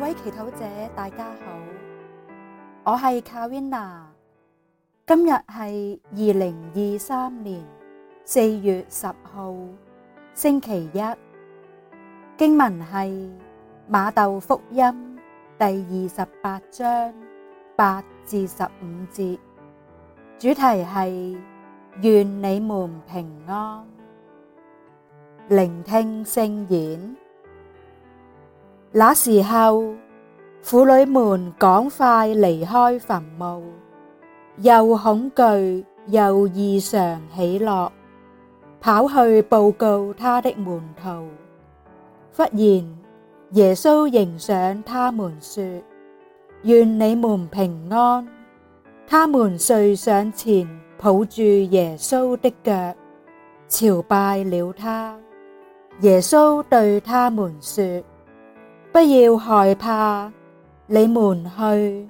各位祈禱者，大家好，我係 Carina，今日係二零二三年四月十號星期一，經文係瑪竇福音第二十八章八至十五節，主題係願你們平安，聆聽聖言。那時候，婦女們趕快離開墳墓，又恐懼又異常喜樂，跑去報告他的門徒。忽然，耶穌迎上他們說：願你們平安！他們遂上前抱住耶穌的腳，朝拜了他。耶穌對他們說：不要害怕，你們去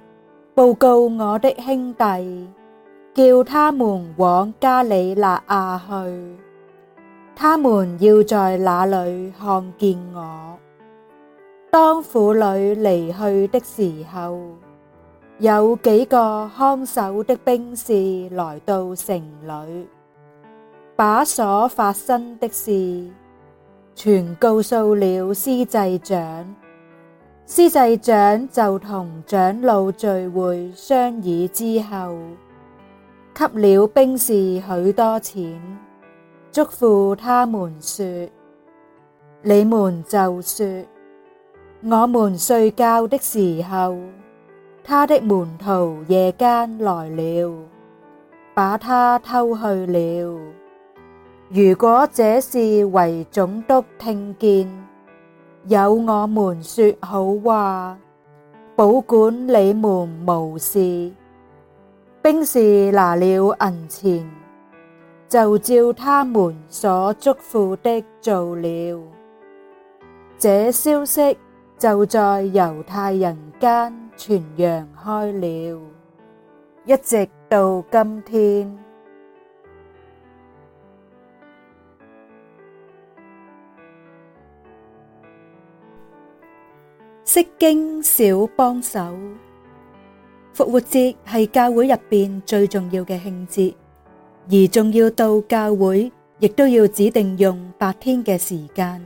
報告我的兄弟，叫他們往加里肋亞去，他們要在那裏看見我。當婦女離去的時候，有幾個看守的兵士來到城裏，把所發生的事全告訴了司祭長。司祭長就同長老聚會商議之後，給了兵士許多錢，囑咐他們說：你們就說，我們睡覺的時候，他的門徒夜間來了，把他偷去了。如果這事為總督聽見，有我們說好話，保管你們無事。兵士拿了銀錢，就照他們所囑咐的做了。這消息就在猶太人間傳揚開了，一直到今天。釋經小幫手。復活節係教會入邊最重要嘅慶節，而重要到教會亦都要指定用八天嘅時間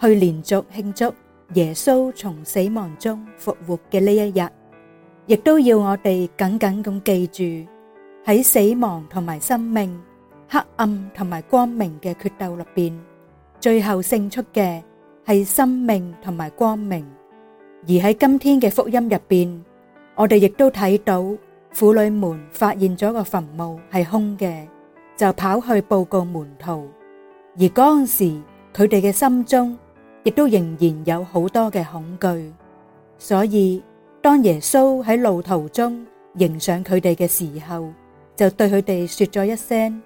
去連續慶祝耶穌從死亡中復活嘅呢一日。亦都要我哋緊緊咁記住喺死亡同埋生命、黑暗同埋光明嘅決鬥入邊，最後勝出嘅係生命同埋光明。而喺今天嘅福音入邊，我哋亦都睇到婦女們發現咗個墳墓係空嘅，就跑去報告門徒。而嗰陣時，佢哋嘅心中亦都仍然有好多嘅恐懼。所以，當耶穌喺路途中迎上佢哋嘅時候，就對佢哋說咗一聲，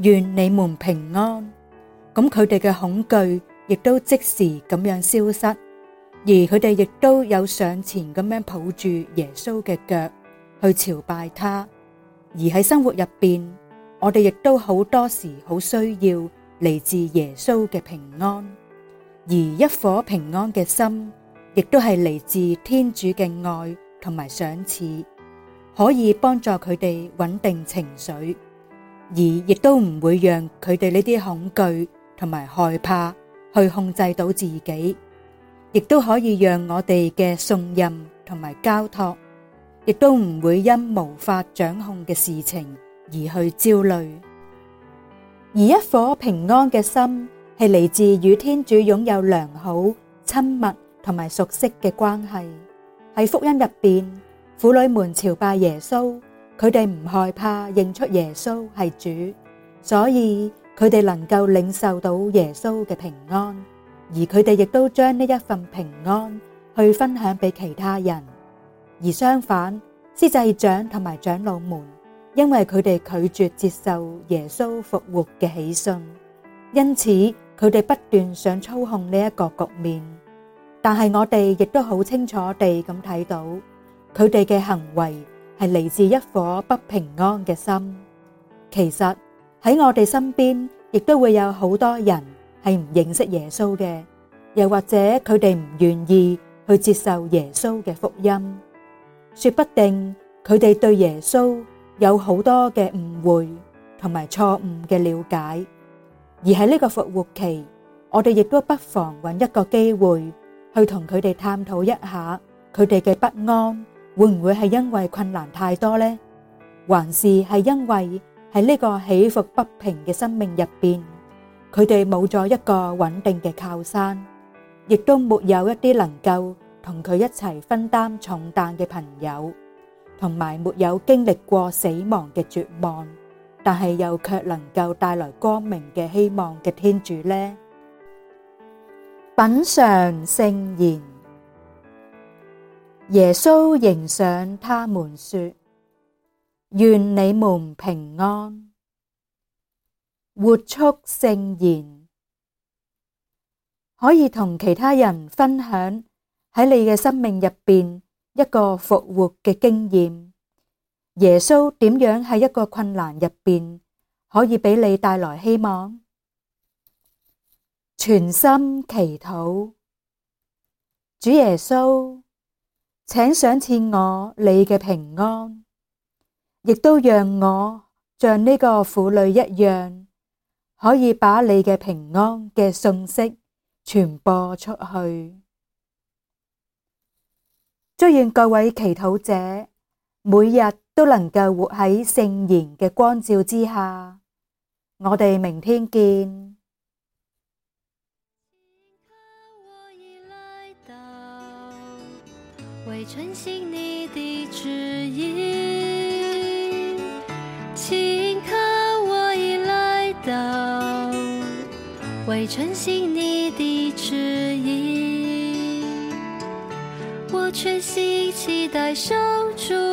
願你們平安。咁佢哋嘅恐懼亦都即時咁樣消失。而佢哋亦都有上前咁樣抱住耶穌嘅腳去朝拜他。而喺生活入面，我哋亦都好多時好需要嚟自耶穌嘅平安。而一顆平安嘅心，亦都係嚟自天主嘅愛同埋賞賜，可以幫助佢哋穩定情緒，而亦都唔會讓佢哋呢啲恐懼同埋害怕去控制到自己。亦都可以讓我哋嘅信任同埋交託，亦都唔會因無法掌控嘅事情而去焦慮。而一顆平安嘅心係嚟自與天主擁有良好、親密同埋熟悉嘅關係。喺福音入邊，婦女們朝拜耶穌，佢哋唔害怕認出耶穌係主，所以佢哋能夠領受到耶穌嘅平安。而佢哋亦都將呢一份平安去分享俾其他人，而相反，司祭長同埋長老們，因為佢哋拒絕接受耶穌復活嘅喜訊，因此佢哋不斷想操控呢一個局面。但係我哋亦都好清楚地咁睇到，佢哋嘅行為係嚟自一顆不平安嘅心。其實喺我哋身邊，亦都會有好多人，係唔認識耶穌嘅，又或者佢哋唔願意去接受耶穌嘅福音，說不定佢哋對耶穌有好多嘅誤會同埋錯誤嘅了解。而喺呢個復活期，我哋亦都不妨揾一個機會去同佢哋探討一下，佢哋嘅不安會唔會係因為困難太多呢？還是係因為喺呢個起伏不平嘅生命入邊？佢哋冇咗一個穩定嘅靠山，亦都沒有一啲能夠同佢一齊分擔重擔嘅朋友，同埋沒有經歷過死亡嘅絕望，但係又卻能夠帶來光明嘅希望嘅天主呢？品嘗聖言，耶穌迎上他們說：願你們平安。活出聖言，可以同其他人分享喺你嘅生命入邊一個復活嘅經驗。耶穌點樣喺一個困難入邊可以俾你帶來希望？全心祈禱，主耶穌，請賞賜我你嘅平安，亦都讓我像呢個婦女一樣。可以把你嘅平安嘅信息傳播出去。祝願各位祈禱者每日都能夠活喺聖言嘅光照之下。我哋明天見。 會承行你的指引，我全心期待守住。